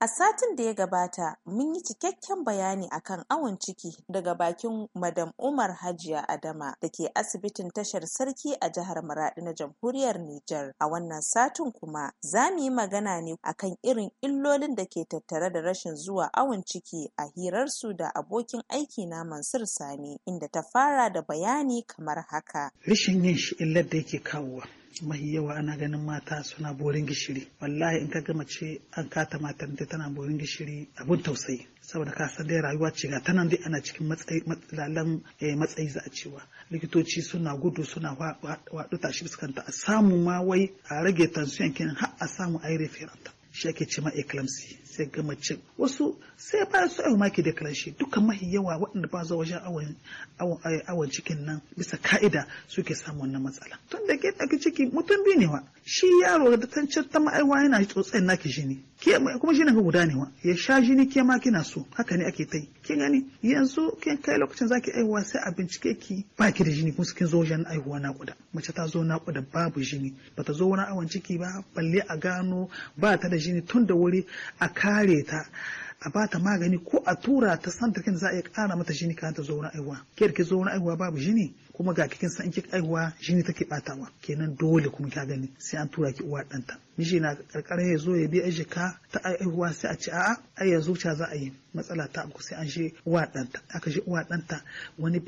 A satin da ya gabata, mun yi cikakken bayani akan awon ciki daga bakin Madam Umar Hajiya Adama da ke asibitin tashar sarki a jihar Maradi na jamhuriyar Nijar. A wannan satin kuma, za mu yi magana ne akan irin illolin da ke tattare da rashin zuwa awon ciki a hirarsu da abokin aiki na Mansur Sani, inda ta fara da bayani kamar haka. Rashin yin shi illar da yake kawowa. mahi yawa ana ganin mata suna borin gishiri wallahi in ka gama ce an kata matan ta tana borin gishiri abun tausayi saboda ka san dai rayuwa ce ga tanan dai ana cikin matsayi lalan eh, matsayi za a cewa likitoci suna gudu suna wadu tashi fuskanta a samu ma wai a rage tansiyon kenan har a samu a yi referanta shi ake ce ma eclampsy sai ga mace wasu sai ba su awo maki da kalanshi dukkan mahi yawa waɗanda ba zuwa wajen eh, awon cikin nan bisa ka'ida suke samun wannan matsala tun da ke daga ciki mutum biyu ne wa shi yaro da tancan ta ma'aiwa yana tsotsayin naki jini kuma shi ga guda ne wa ya sha jini ke ma kina so haka ne ake ta yi kin gani yanzu kin kai lokacin zaki aihuwa sai a bincike ki ba ki da jini kuma kin zo wajen aihuwa naƙuda mace ta zo naƙuda babu jini ta zo wani awon ciki ba balle a gano ba ta da shine tun da wuri a kare ta a bata magani ko a tura ta san da za a iya kara mata jini kan ta zo wurin aihuwa ke da ke zo aihuwa babu jini kuma ga kikin san kika aihuwa jini take batawa kenan dole kuma ka gani sai an tura ki uwa ɗanta miji na karkara ya zo ya biya jika ta aihuwa sai a ce a'a ai ya zuciya za a yi matsala ta abu sai an je uwa ɗanta aka je uwa ɗanta wani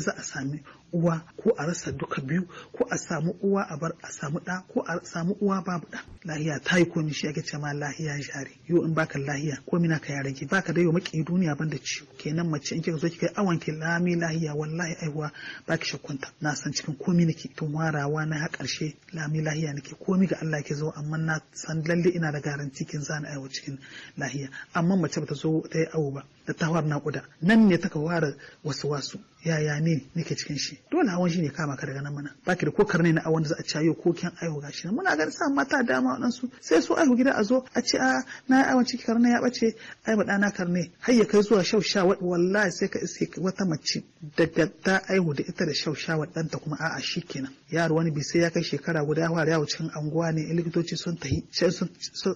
za a sami uwa ko a rasa duka biyu ko a samu uwa a bar a samu ɗa ko a samu uwa babu ɗa lahiya ta yi komi shi ake cewa ma lahiya jari yo in baka lahiya ko mina ka ya ki baka da yau maki duniya ban da ciwo kenan mace in kika zo kika awon ki lami lahiya wallahi aihuwa baki shakunta. na san cikin komi nake tun warawa na ha ƙarshe lami lahiya nake komi ga Allah ke zo amma kuma na san lalle ina da garan cikin zana aiwa cikin lahiya amma mace ba ta zo ta yi awo ba ta fara naƙuda nan ne ta ware wasu wasu yaya ne nake cikin shi dole hawan shi ne kama ka daga nan mana baki da ko karne na awon da za a ciyo ko kyan aihu gashi nan muna ganin sa mata dama su sai su aihu gida a zo a ce a ah, na awon ciki karne ya bace ai ba dana karne har ya kai zuwa shausha wallahi sai ka iske wata mace da ta aihu da ita da shausha ɗanta kuma a'a shi kenan yaro wani bi sai ya kai shekara guda ya fara yawo cikin anguwa ne likitoci sun tahi sai sun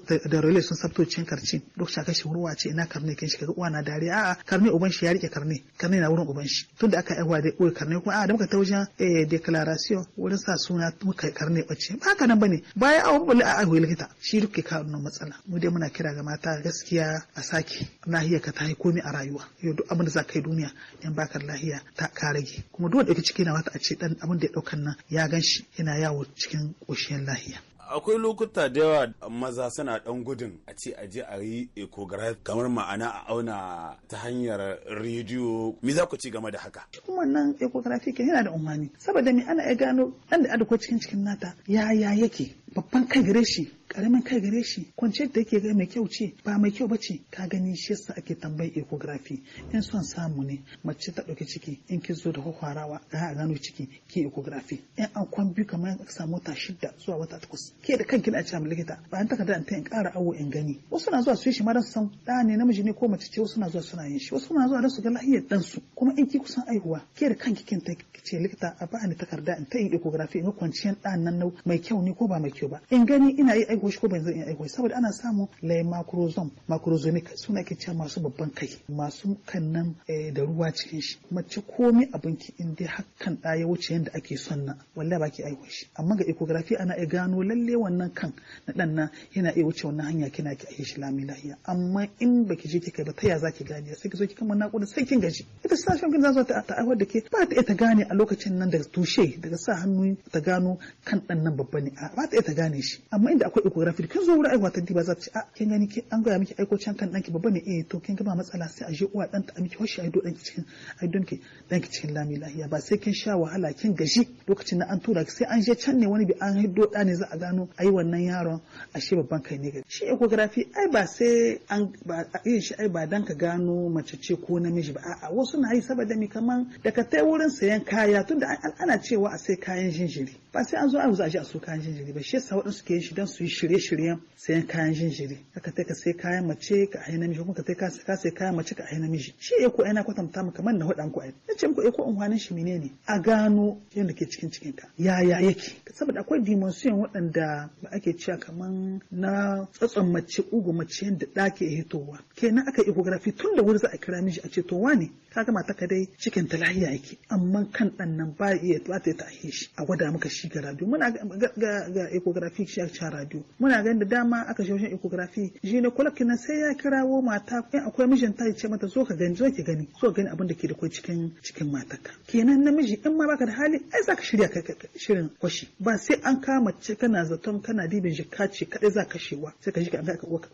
da relay sun sabto cin karci duk shaka shi ruwa ce ina karne kin shi kaga uwa na dare karne a'a karne uban shi ya rike karne karne na wurin uban shi tunda aka aiwa da koyi karne kuma a'a da muka ta wajen eh, declaration wurin sa suna muka karne bace ba haka nan bane bayan awa bale a aiwa likita shi duke ka wannan matsala mu dai muna kira ga mata gaskiya a sake lahiya ka ta yi komai a rayuwa yau duk abin da za ka yi duniya in baka lahiya ta ka rage kuma duk wanda ciki na wata a ce dan abin da ya daukan nan ya gan shi yana yawo cikin koshin lahiya akwai lokuta da yawa maza suna dan gudun a ce aje a yi ecograph kamar ma'ana a auna ta hanyar rediyo me za ku ci game da haka cikin wannan ecograph yana da umarni saboda me ana ya gano dan da adako cikin cikin nata yaya yake babban kai gare shi karamin kai gare shi kwanciyar da yake ga mai kyau ce ba mai kyau bace ka gani shi yasa ake tambayi ecography in son samu ne mace ta dauki ciki in ki zo da kwakwarawa a gano ciki ke ecography in an kwan biyu kamar ka samu wata shida zuwa wata takwas ke da kanki a ce likita ba an takarda an ta in kara awo in gani wasu na zuwa su yi shi ma san da ne namiji ne ko mace ce wasu na zuwa suna yin shi wasu na zuwa dan su ga lafiyar dan su kuma in ki kusan aihuwa ke da kanki kin ta ce likita a ba ni takarda in ta in ecography in kwanciyar dan nan mai kyau ne ko ba mai kyau kyau ba in gani ina yi aiko shi ko ban zai yi aiko saboda ana samu layin makrozom macrozomic suna ke cewa masu babban kai masu kan nan eh, da ruwa cikin shi mace komai abinki in dai hakan da ya wuce yadda ake son na wallahi ba ki aiko shi amma ga ecography ana iya gano lalle wannan kan na dan nan yana iya wuce wannan hanya kina ki shi lami lahiya amma in baki je kika ba ta ya ki gane sai ki zo ki kama nakuda sai kin gaji ita shi kin zazo ta ta aiwar da ke ba ta iya gane a lokacin nan da tushe daga sa hannu ta gano kan dan nan babba ne ba ta iya ta gane shi amma inda akwai ecographic kin zo wurin aiwatan ba za ta ce a ah, kin gani ki an gaya miki aiko can kan danki babba ne eh to kin ga ba matsala sai a je uwa dan ta miki hoshi aido danki cikin aidon ki danki cikin lami lahiya ba sai kin sha wahala kin gaji lokacin na an tura ki sai an je can ne wani bi an hiddo da ne za a gano ai wannan yaron ashe babban kai ne gari shi ecography ai ba sai an ba yin shi ai ba dan ka gano mace ce ko namiji ba a'a wasu na yi saboda mi kaman da ka tai wurin sayan kaya tunda ana cewa a sai kayan jinjiri ba sai an zo a zo a so kayan jinjiri ba shi yasa waɗansu ke shi don su yi shirye-shiryen sayan kayan jinjiri aka ta ka sai kayan mace ka ayi namiji kuma ka kai ka sai kayan mace ka ayi namiji shi ya ko aina kwatanta mu kamar na hudan ku na ce muku ko in hwanin shi menene a gano yadda ke cikin cikin ka yaya yake saboda akwai dimension waɗanda ba ake cewa kamar na tsatson mace ugu mace yadda ɗake hitowa kenan aka ecography tun da wuri za a kira miji a ce to wane ka gama ta ka dai cikin ta lahiya yake amma kan ɗan nan ba iya ta ta ta shi a gwada maka shi gara domin ga ga ecographic shi aka radio muna ganin da dama aka shi wajen ecographic shi ne kulab nan sai ya kirawo mata in akwai mijinta ya ce mata zo ka gani zo ki gani zo gani abin da ke da kwai cikin cikin matarka kenan namiji in ma baka da hali ai ka shirya ka shirin kwashi ba sai an kama ce kana zaton kana dibin jikka ce kadai za ka shewa sai ka shi ka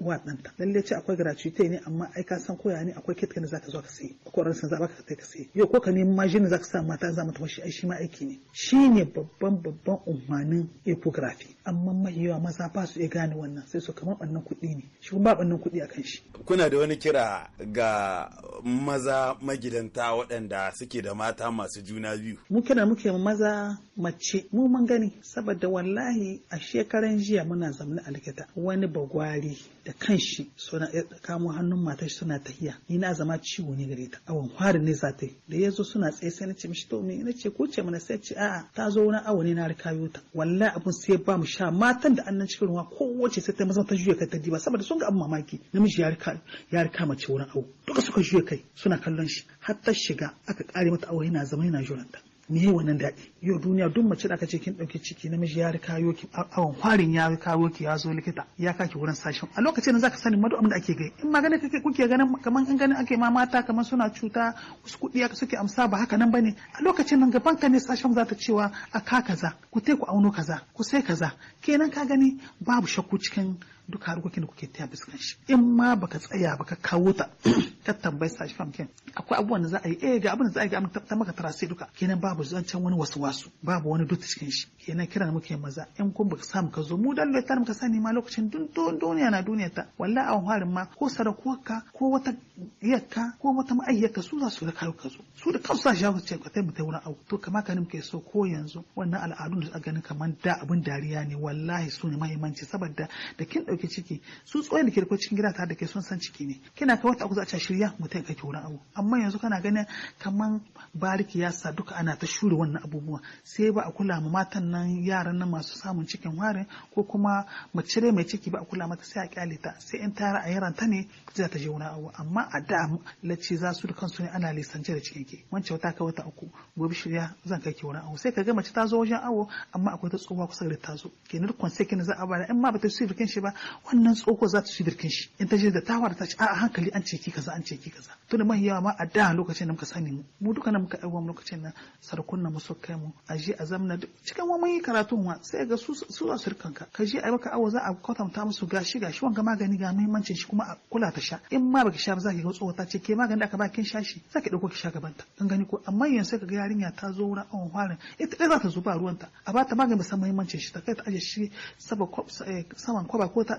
wa danta lalle ce akwai gratuity ne amma ai ka san koya ne akwai kit kana ka zo ka sai akwai ran san za ka kai ka sai yau ko ka nemi majin ka sa mata za mata kwashi ai shi ma aiki ne shine babban babban umarnin ecography amma mai yawa maza ba su iya gane wannan sai su kamar ɓannan kuɗi ne shi ba ɓannan kuɗi a kan shi. kuna da wani kira ga maza magidanta waɗanda suke da mata masu juna biyu. mu kira muke maza mace mu mun gani saboda wallahi a shekaran jiya muna zamani a likita wani bagwari da kanshi suna kamo hannun matar suna tahiya ni na zama ciwo ne gare ta awon hwarin ne za ta yi da ya zo suna tsaye sai na ce mishi to me na ce ko ce mana sai ce a'a ta zo wani awo ne na rikayo ta wallahi abun sai ba mu bincika matan da annan cikin ruwa kowace sai ta maza ta juya kai ta diba saboda sun ga abin mamaki namiji ya ya rika mace wurin awo duka suka juya kai suna kallon shi har ta shiga aka kare mata awo yana zama yana juranta me yi wannan daɗi yau duniya duk mace da aka ce kin ɗauki ciki namiji ya kayo ki awon kwarin ya kawo ki ya zo likita ya kaki wurin sashen a lokacin da zaka sani madu abin da ake gani in magana kake kuke ganin kaman in ganin ake ma mata kaman suna cuta wasu kuɗi suke amsa ba haka nan bane a lokacin nan gaban ka ne sashen za ta cewa a ka kaza ku te ku auno kaza ku sai kaza kenan ka gani babu shakku cikin duk harkokin da kuke taya fuskan shi in ma baka tsaya baka kawo ta ka tambayi sa fam ken akwai abubuwan da za a yi eh ga abin da za a yi ga abin ta maka tarasi duka kenan babu zancen wani wasu wasu babu wani dutse cikin shi kenan kiran muke maza in kun baka samu ka zo mu dan lokacin muka sani ma lokacin dun duniya na duniya ta wallahi a harin ma ko sarakuwarka ko wata yakka ko wata ma'aikata su za su da kawo ka zo su da kansu za su jawo ce ka taimaka wurin abu to kama ka muke so ko yanzu wannan al'adun da gani kamar da abin dariya ne wallahi su ne mahimmanci saboda da kin ɗauki ciki su tsoyin da ke da cikin gida da ke son san ciki ne kina ka wata uku za a shirya mutum kai wurin abu amma yanzu kana ganin kaman bariki ya sa duka ana ta shure wannan abubuwa sai ba a kula ma matan nan yaran nan masu samun cikin warin ko kuma mace mai ciki ba a kula mata sai a kyale ta sai in tara a yaran ta ne za ta je wurin abu amma a da lace za su da kansu ne ana lisance da cikin ki wancan wata ka wata uku gobe shirya zan kai ki wurin abu sai ka ga mace ta zo wajen awo amma akwai ta tsohuwa kusa da ta zo kenan sai kina za a bada in ma ba ta su bikin shi ba wannan tsoho za ta ci birkin shi in ta je da tawar ta ce a hankali an ce ki kaza an ce ki kaza tunda mai yawa ma a da lokacin da muka sani mu mu duka nan muka aiwa lokacin nan sarkun na musu kai mu a je a zamna cikin wa mun yi karatun wa sai ga su su ka ka je a maka awo za a kwatanta musu gashi gashi wanga magani ga muhimmancin shi kuma a kula ta sha in ma baka sha ba za ki ga tsoho ta ce ke magani da aka ba kin sha shi za ki dauko ki sha gaban ta kan gani ko amma yanzu ka ga yarinya ta zo wurin awon farin ita kai za ta zuba ruwanta a bata magani musamman muhimmancin shi ta kai ta aje shi eh, saman kwaba ko ta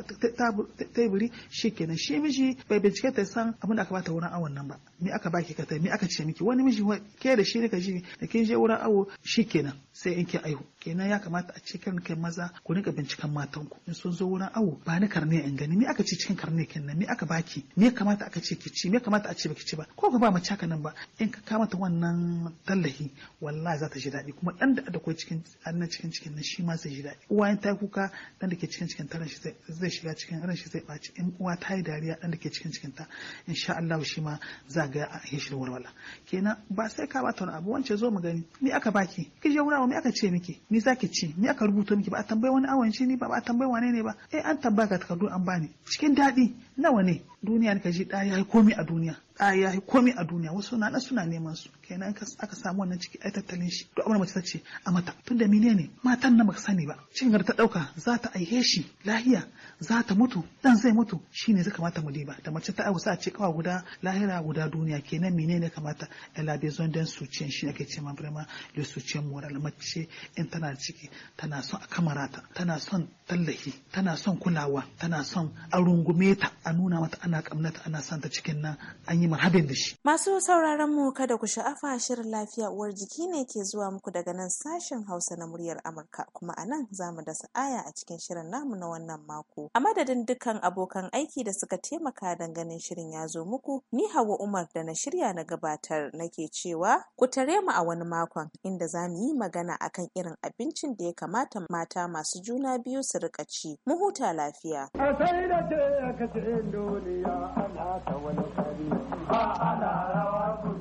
teburi shi kenan shi miji bai bincike ta san abin da aka bata wurin awon nan ba me aka baki ka tai me aka ce miki wani miji ke da shi ne ka ji da kin je wurin awo shi kenan sai in ki aihu kenan ya kamata a ce kan kai maza ku rika binciken matan ku in sun zo wurin awo ba ni karne in gani me aka ce cikin karne nan me aka baki me kamata aka ce ki ci me kamata a ce baki ci ba ko ka ba mace haka nan ba in ka kama ta wannan tallahi wallahi za ta ji daɗi kuma dan da da cikin annan cikin cikin nan shi ma zai ji daɗi uwa in ta kuka dan da ke cikin cikin taran shi zai shiga cikin ran shi zai ɓaci in uwa ta yi dariya dan da ke cikin cikin ta insha Allah shi ma za ga a shi warwala kenan ba sai ka ba ta wani abu wance zo mu gani me aka baki ki je wurawa me aka ce miki ni zaki ci ni aka rubuta miki ba a tambayi wani awon shi ni ba a tambayi wane ne ba eh an tambaya takardu an bani cikin daɗi nawa ne duniya ka ji ɗaya ya komi a duniya ɗaya ya yi komi a duniya wasu na nan suna neman su kenan aka samu wannan ciki ai tattalin shi to amma mace ta ce a mata da mine ne matan na baka sani ba cikin ta ɗauka za ta aihe shi lahiya za ta mutu dan zai mutu shi ne zai kamata mu ba. da mace ta aihu sa ce kawa guda lahira guda duniya kenan mine ne kamata ela be zon dan ce shi ake ce ma brema le mu. moral mace in tana ciki tana son a kamarata tana son tallafi tana son kulawa tana son a rungume ta a nuna mata ana kamnata ana santa cikin nan an yi marhaben da shi. Masu sauraron mu kada ku sha'afa shirin lafiya uwar jiki ne ke zuwa muku daga nan sashen Hausa na muryar Amurka kuma a nan za mu dasa aya a cikin shirin namu na wannan mako. A madadin dukkan abokan aiki da suka taimaka don ganin shirin ya zo muku ni Hawa Umar da na shirya na gabatar nake cewa ku tare mu a wani makon inda za mu yi magana akan irin abincin da ya kamata mata masu juna biyu su rika ci. Mu huta lafiya. A sai da ce ka ce ana ta wani kari. Ba ana rawa